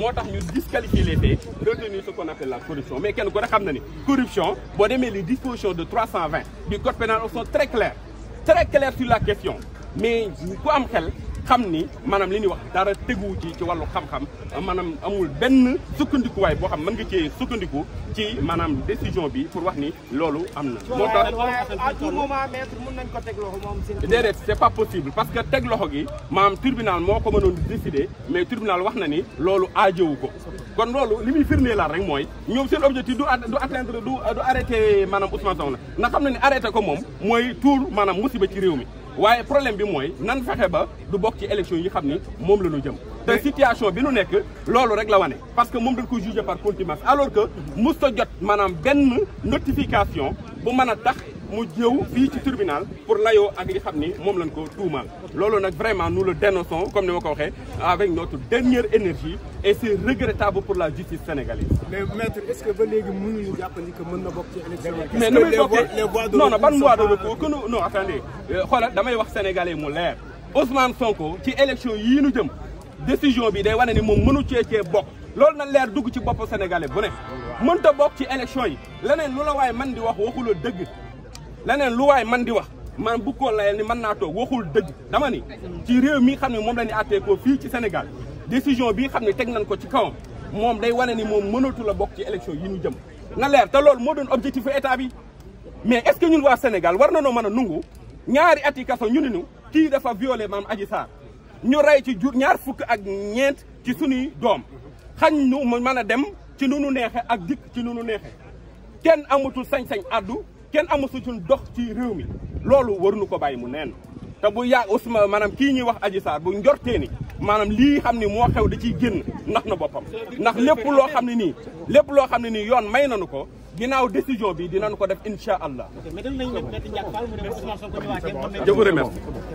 moo tax ñu disqualifier les faits retenir ce qu'on appelle la corruption mais kenn ku ne xam na ni corruption boo demee les dispositions de 320 du code pénal sont très claires très claires sur la question mais ku am xel xam ni maanaam li ñuy wax dara tegu ci ci wàllu xam-xam maanaam amul benn sukkandikuwaay boo xam man nga cee sukkandiku ci maanaam décision bi pour wax ni loolu am na. moo tax à tout moment maître mën nañ ko teg loxo moom seen. déedéet c' est pas possible parce que teg loxo gi maanaam tribunal moo ko mënoon décider mais tribunal wax na ni loolu aajowu ko kon loolu li muy firndee laal rek mooy ñëw seen objectif du du atteindre du du arrêté maanaam Ousmane na ndax xam na ni arrêté ko moom mooy tuur maanaam musiba ci réew mi. waaye problème bi mooy nan fexe ba du bokk ci élection yi xam ni moom la ñu jëm te situation bi nu nekk loolu rek la wane parce que moom dañ ko jugé par contumace alors que mës ta jot maanaam benn notification bu mën a tax mu jëw fii ci tribunal pour layoo ak li xam ni moom lañ ko tuumaal loolu nag vraiment nous le dénonçons comme ni ma ko waxee avec notre dernière énergie et c'est regrettable pour la justice sénégalaise. mais maître est-ce que ba léegi mu jàpp ni que mën na bokk ci élection yi. mais nu muy bokkee non non ban voie de recours que nous non attendez euh, xoolal damay wax sénégalais mu leer Ousmane Sonko ci élection yii nu jëm décision bi day wane ni moom mënu cee cee bokk. loolu na leer dugg ci bopp sénégalais bu ne mën mënta bokk ci élection yi leneen lu waaye man di wax waxula dëgg leneen lu waaye man di wax man bu ko layal ni mën naa toog waxul dëgg dama ni ci réew mi xam ne moom la ñu àttee ko fii ci Sénégal décision bi xam ne teg nañ ko ci kawam moom day wane ni moom mënatul la bokk ci élection yi ñu jëm na leer te loolu moo doon objectif état bi mais est-ce que waa Sénégal war na noo mën a nungu ñaari at yi kaso ñu ni ñu kii dafa violé maam Adji Sarr ñu rey ci jur ñaar fukk ak ñeent ci suñuy doom xañ nu mu mën a dem ci nu nu neexe ak ci nu nu neexe kenn amatul sañ-sañ addu kenn amasutul dox ci réew mi loolu war waruñu ko bàyyi mu neen te bu yaa Ousmane maanaam kii ñuy wax aji Sarr bu njortee ni maanaam lii xam ni moo xew di ci génn ndax na boppam ndax lépp loo xam ne nii lépp loo xam ne nii yoon may nañu ko ginnaaw décision bi dina nu ko def incha allah. je vous remercie.